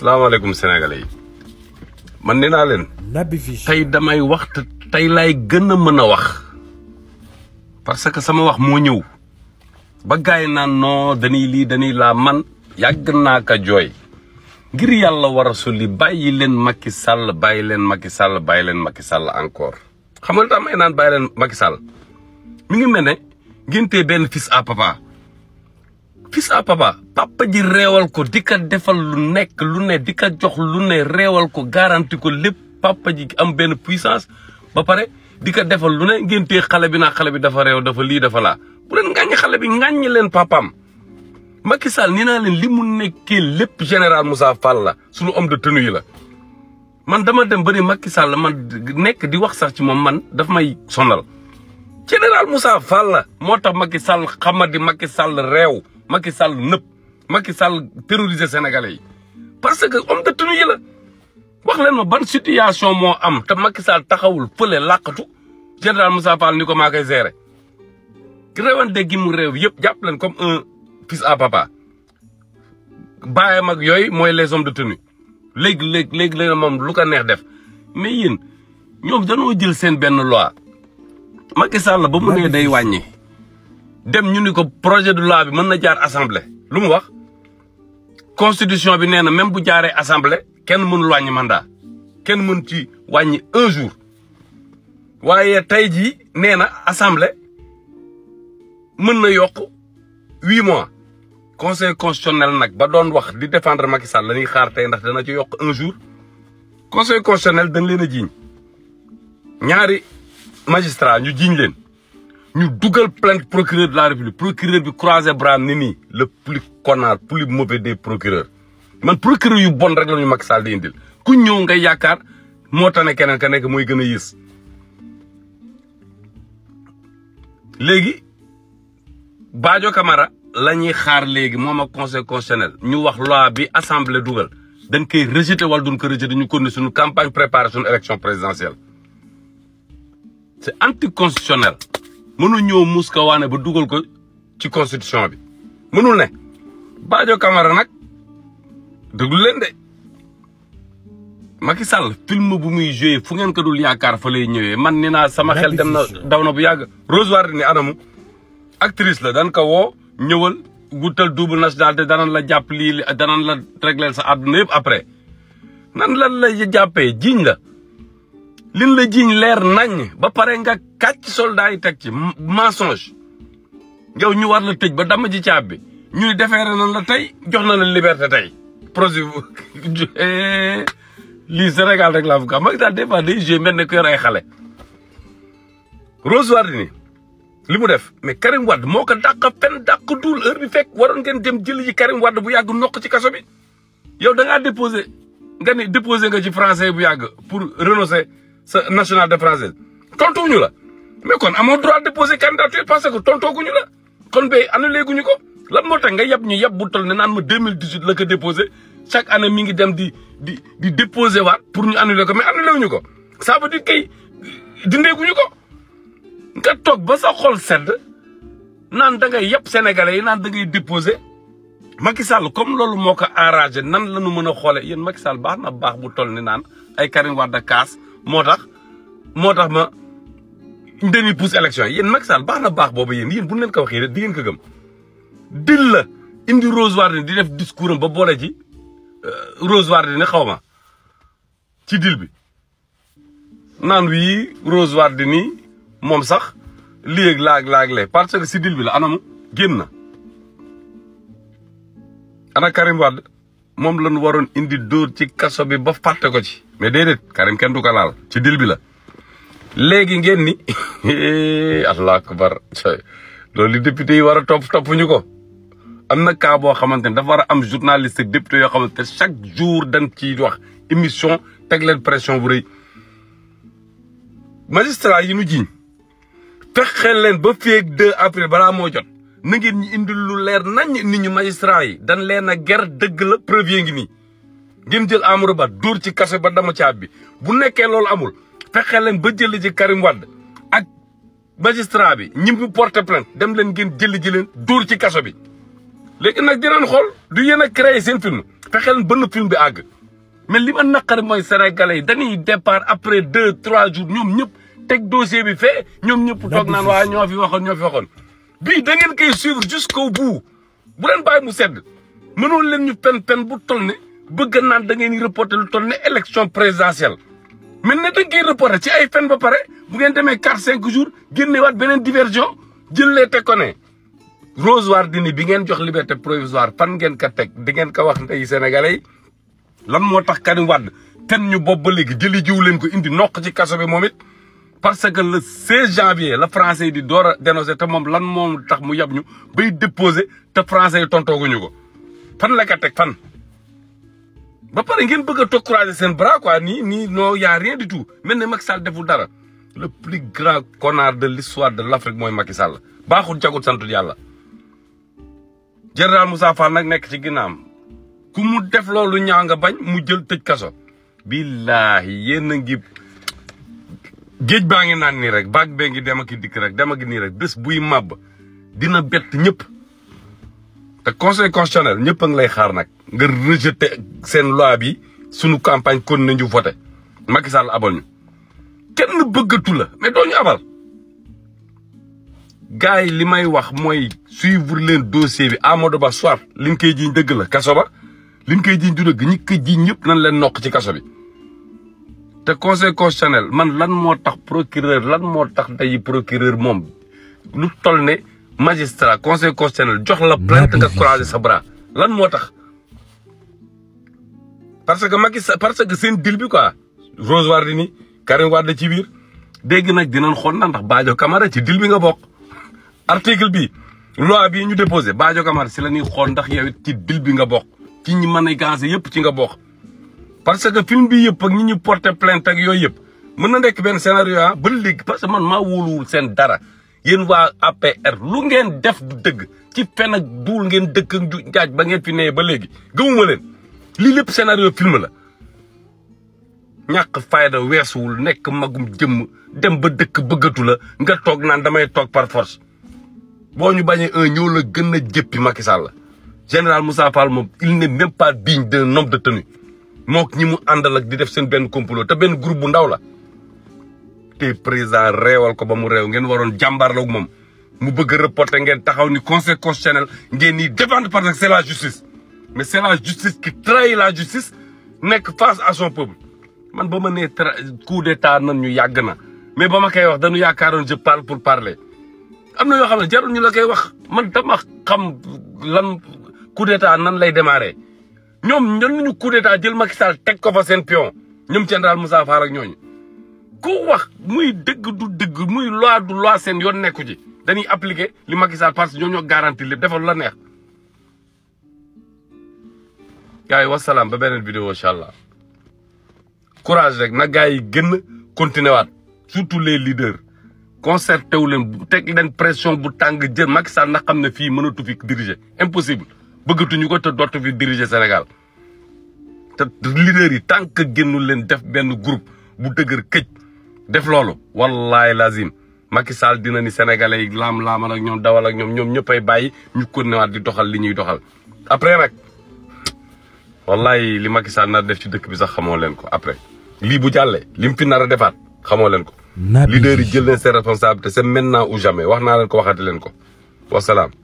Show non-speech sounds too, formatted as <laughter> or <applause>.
salaamaaleykum sénégalais yi man nee naa leen. tey damay wax te tey laay gën a mën a wax. parce que sama wax moo ñëw. ba gaay naan non dañuy lii dañuy laa man yàgg naa ka jooy. ngir yàlla war a sulli bàyyi leen Macky Sall bàyyi leen Macky sàll bàyyi leen Macky sàll encore. xam nga lu tax may naan bàyyi leen Macky Sall mi ngi mel ne benn fils à papa. fii sa papa papa ji reewal ko di defal lu nekk lu ne di ko jox lu ne reewal ko garanti ko lépp papa ji am benn puissance ba pare di ko defal lu ne ngeen téye xale bi naa xale bi dafa reew dafa lii dafa laa bu leen ngàññi xale bi ngàññi leen papaam Macky Sall ni naa leen li mu nekkee lépp général Moussa Fall la suñu homme de tenue yi la man dama dem ba ni makki Sall man nekk di wax sax ci moom man dafa may sonal général Moussa Fall moo tax Macky Sall xamadi Macky Sall réew Macky Sall nëpp Macky Sall terroriser sénégalais yi parce que homme de tenue la wax leen ma ban situation moo am te Macky Sall taxawul fële làqatu général Moussa Fall ni ko maa koy gérer réewante gi mu réew yëpp jàpp leen comme un fils à papa bàyyam mag yooyu mooy les hommes de tenue léegi léegi léegi léegi moom lu ko neex def mais yéen ñoom dañoo jël seen benn loi Macky Sall ba mu nee day wàññi. dem projet de loi mën na jaar assemblée lu wax constitution bi nee na même bu jaaree assemblée kenn mënul wàññi mandat kenn mënu ci wàññi un jour waaye tey na assemblée mën na yokk huit mois conseil constitutionnel nag ba doon défendre Macky xaar un jour conseil constitutionnel dañ leen a magistrat ñu ñu double plainte procureur de la république procureur du croisé bras le plus connard plus mauvais des procureurs le procureur yu bon règle la ñu Macky Sall Si indil ku ñëw ngay yaakaar moo tax ne keneen ka nekk mooy gën a yées Badio Camara la xaar conseil constitutionnel Nous wax loi bi assemblée de dañ koy rejeté wala duñ ko rejeté ñu connaissons une campagne préparation élection présidentielle c'est anticonstitutionnel mënul ñëw Mouska Waane ba dugal ko ci constitution bi mënul ne Badio Camara nag déglu leen de Macky film bu muy joué fu ngeen ko dul yaakaar fa lay ñëwee man nee naa sama xel dem na daw na bu yàgg Rose Wardini anamu actrice la dan ko woo ñëwal wutal double nationalité danan la jàpp lii danan la régleel sa àdduna yëpp après nan lan la jàppee jiiñ la liñ la jiñ leer nañ ba paré nga katch soldat yi tek ci mensonge yow ñu war la tej ba damm ji caab bi ñu défé ré nañ la tay jox na la liberté tay projet <laughs> eh, li Sénégal rek la fuga mag daal des fois day joué mel ko yor Rose Wardini limu def mais Karim wad moko dakk pen fen dàq duul heure bi fek waron ngeen dem jël ji Karim wad bu yag nok ci kasso bi yow da nga déposer nga ni déposer nga ci français bu yag pour renoncer sa national de française tontuwuñu la mais kon amoo droit déposer candidature parce que tontooguñu la kon bay annulé guñu ko lan moo tax nga yab ñu yab bu toll ne naan ma 2018 la ko déposé chaque année mi ngi dem di di di déposé waat pour ñu annulé ko mais annulé wuñu ko ça veut dire kay dindee guñu ko nga toog ba sa xol sedd naan da ngay yab sénégalais yi naan da ngay déposé Macky Sall comme loolu moo ko enragé nan la nu mën a xoolee yéen Macky Sall baax na baax bu toll ni naan ay Karim Wade kaas moo tax moo tax ma dañuy pousse élection yi yéen Macky Sall baax na baax boobu yéen yéen bu leen ko waxee di ngeen ko gëm. dil la indi Rose di def discours am ba boole ci euh, Rose Wardini xaw ma ci dil bi naan wii Rose Wardini moom sax lii ak laag laag lay parce que si dil bi la anamu génn na ana Karim Wade. moom lañu waroon indi dóor ci kaso bi ba fàtte ko ci mais déedéet Karim kenn du ko laal ci dil bi la léegi ngeen ni <laughs> allah akbar loolu li député yi war a topp toppuñu ko am na cas boo xamante ne dafa war a am journaliste député yoo xamante ne chaque jour dañ ciy wax émission teg leen pression bu rëy magistrat yi nu jiiñ fexe leen ba féeg deux avril balaa moo jot na ngeen ñu indil lu leer nañ nit ñu magistrat yi dañ leen a ger dëgg la preuve ngi nii ngeen jël Amadou Ba dóor ci kaso ba dama caab bi bu nekkee loolu amul fexe leen ba jëli ci Karim Wade ak magistrat bi ñi mu porté plainte dem leen ngeen jëli ji leen dóor ci kaso bi léegi nag dinañ xool du yéen a créé seen film fexe leen film bi àgg mais li ma naqari mooy sénégalais yi dañuy départ après deux trois jours ñoom ñëpp teg dossier bi fee ñoom ñëpp toog naa waa ñoo fi waxoon ñoo waxoon bii da ngeen koy suivre jusqu'au bout bu leen bàyyi mu sedd mënoon leen ñu pen pen bu toll ne bëgg naan da ngeen di reporter lu toll ne élection présidentielle. mais ne da ngeen reporter ci ay fen ba pare bu ngeen demee quatre cinq jours génneewaat beneen diversion jëlee teg ko ne. Rose Wardini bi ngeen jox liberté provisoire fan ngeen ko teg di ngeen ko wax ndey sénégalais yi lan moo tax Karim Wade ten ñu bopp ba léegi jëli jiw leen ko indi noq ci kaso moom it. parce que le 16 janvier le français yi di door a dénoncé te moom lan moom tax mu yab ñu bay déposé te français yi tontooguñu fan la ka teg fan. ba pare ngeen bëgg a toog croiser seen bras quoi ni ni non y' a rien du tout Mais ne Macky Sall deful dara le plus grand connard de l'histoire de l'Afrique. Moi, Macky Sall baaxul jagut santul yàlla. général Moussa Fall nag Nek ci ginnaam ku mu def loolu ñaa nga bañ mu jël ngi. géej baa ngi naan nii rek baag bee ngi dem ak dikk rek dem ak nii rek bés buy màbb dina bett ñëpp te conseil constitutionnel ñëpp a ngi lay xaar nag nga rejeter seen loi bi sunu campagne kon nañu voté Macky Sall abal ñu kenn bëggatu la mais doo ñu abal gars yi li may wax mooy suivre leen dossier bi Amadou Ba soir liñ koy jiñ dëgg la kaso ba liñ koy jiñ du dëgg ñi ko jiñ ñëpp nañ leen nokk ci kaso bi te conseil constitutionnel man lan moo tax procureur lan moo tax tey procureur moom lu toll ne magistrat conseil constitutionnel jox la plainte nga croiser sa bras lan moo tax parce que Macky parce que seen deal bi quoi Rose Wardini Karim Wade ci biir dégg nag dinañ xool na ndax Badio Camara ci deal bi nga bokk article bi loi bii ñu déposé Badio Camara si la ñuy xool ndax yow ci deal bi nga bokk ci ñi mën a gaase yëpp ci nga bokk parce que film bii yëpp ak ñi ñu porté plainte ak yooyu yëpp mën na nekk benn scénario ah ba léegi parce que man maa wóoluwul seen dara yéen waa APR lu ngeen def du dëgg ci fen ak duul ngeen dëkk ak ju njaaj ba ngeen fi nee ba léegi gëmuma leen lii lépp scénario film la ñàkk fayda weesuwul nekk magum jëm dem ba dëkk bëggatu la nga toog naan damay toog par force boo ñu bañee un ñëw la gën a jëppi Macky Sall la général Moussa Fall moom il n'est même pas digne de tenue mok ñi mu àndal ak di def seen ben complot te ben groupe bu ndaw la té président réwal ko ba mu réw ngeen waroon jàmbaarloog mom mu bëgg reporter ngeen taxaw ni conseil constitutionnel ngeen ni défendre parce que c'est la justice mais c'est la justice qui trahit la justice nek face à son peuple man bama né coup d'état nan ñu yag na mais bama kay wax dañu yakaron je parle pour parler am yo xamna jarul ñu la kay wax man dama xam lan coup d'état nan lay démarrer ñoom ñoom ñu coup jël Macky Sall teg ko fa seen pion ñoom général Moussa Fall ak ñooñu ku wax muy dëgg du dëgg muy loi du loi seen yoon nekku ci dañuy appliquer li Macky Sall parce que ñoo ñoo garanti lépp defal la neex. gars yi wasalaam ba beneen vidéo incha allah courage rek na gars yi gën a continuer waat surtout les leaders concerté wu leen teg leen pression bu tàng jër Macky Sall na xam ne fii mënatu fi diriger impossible. bëggatuñu ko te dootu fi diriger Sénégal te leader yi tant que génnul leen def benn groupe bu dëgër këj def loolu wallahi lazim Macky Sall dina ni sénégalais yi lam laamal ak ñoom dawal ak ñoom ñoom ñëppay bàyyi ñu continuer di doxal li ñuy doxal après nag wallahi li Macky Sall nar def ci dëkk bi sax xamoo leen ko après lii bu jàllee li mu fi nar defaat xamoo len ko leader yi jël leen seen responsabilité c'est maintenant ou jamais wax naa leen ko waxati leen ko wasalaam